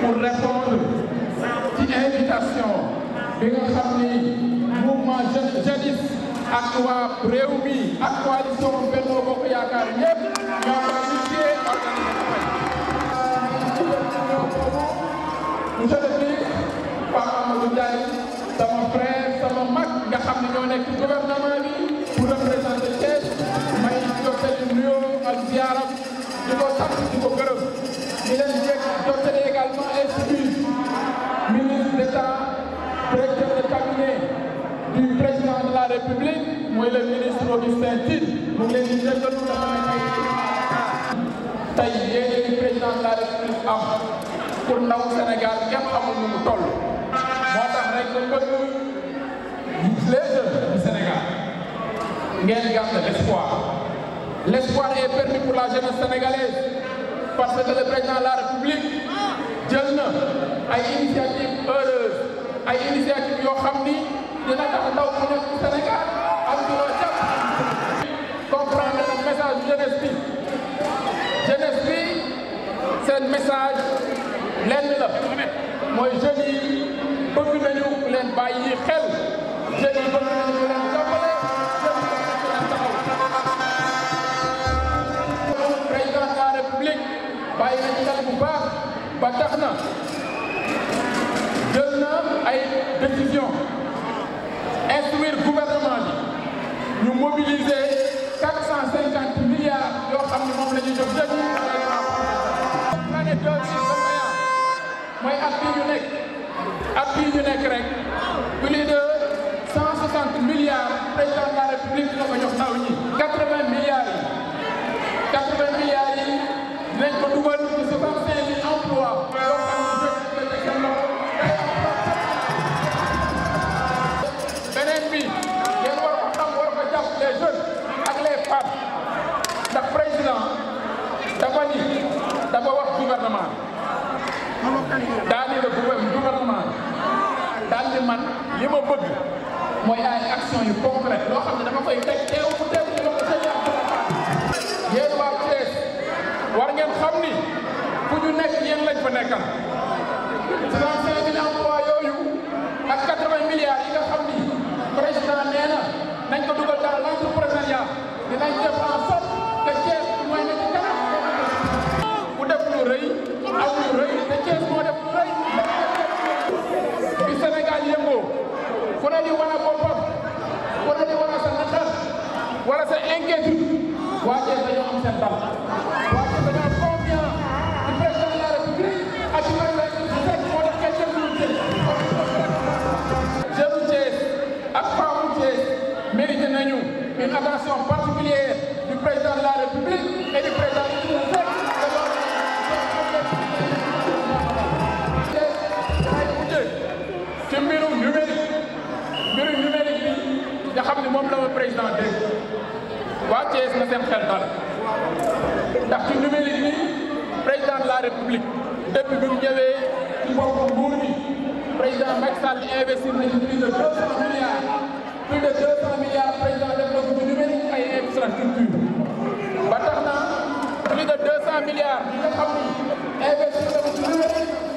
pour répondre ci invitation bi nga xam ni mouvement jadis ak waa réew mi ak coalition Benno Bokk Yaakaar ñëpp ñoo participé monsieur le ministre Pape Amadou Ndiaye sama frère sama mag nga xam ne ñoo nekk ci gouvernement bi pour représenter Thiès may jottali nuyoo ak ziaram di ko sant di ko gërëm république muy le ministre Augustin Tine mu ngi leen di jéggalu dafa nekk tey yéen président de la république am pour ndaw Sénégal kenn amul nu mu toll moo tax rek ñu bëgg les jeunes du Sénégal ngeen garde l'espoir l'espoir est permis pour la jeunesse sénégalaise parce que le président de la république jël na ay initiative heureuse ay initiative yoo xam ni dina tax ndaw bu nekk am ci loo jàpp comprendre le message jeunesse bi jeunesse bi lenn mooy jeunes yi bëgg nañu leen bàyyi xel jeunes yi bëgg nañu leen jàppale président de la république bàyyi nañu xel bu baax ba tax na ay décision instruire gouvernement bi ñu mobiliser quatre cent cinquante milliards yoo xam moom la ñu jëm léegi année mooy at nekk at nekk rek man li ma bëgg mooy ay action yu concret loo xam ne dama koy teg teew bu ko sëñ yéen war ngeen xam ku ñu nekk yéen lañ fa nekkal inquiétude waa Thiès dañoo am seen dal waa Thiès dañoo am confiance ci président de la République ak ci Macky Sall moo tax kenn demul Thiès jeune Thiès ak femme Thiès mérite nañu une attention particulière du président de la République et du président te mbirum numérique mbirum numérique bi nga xam ne moom la ma président dégg waa Thiès na seen xel dal ndax ci numérique bi président la république depuis bi ñëwee ci bopp nguur bi président Macky Sall investir nañu plus de président def na ko bu ay infrastructure ba tax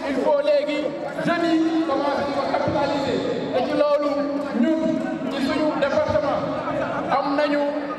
il faut léegi jeunes yi commencé ko capitaliser te ci ñun ci suñu département am nañu.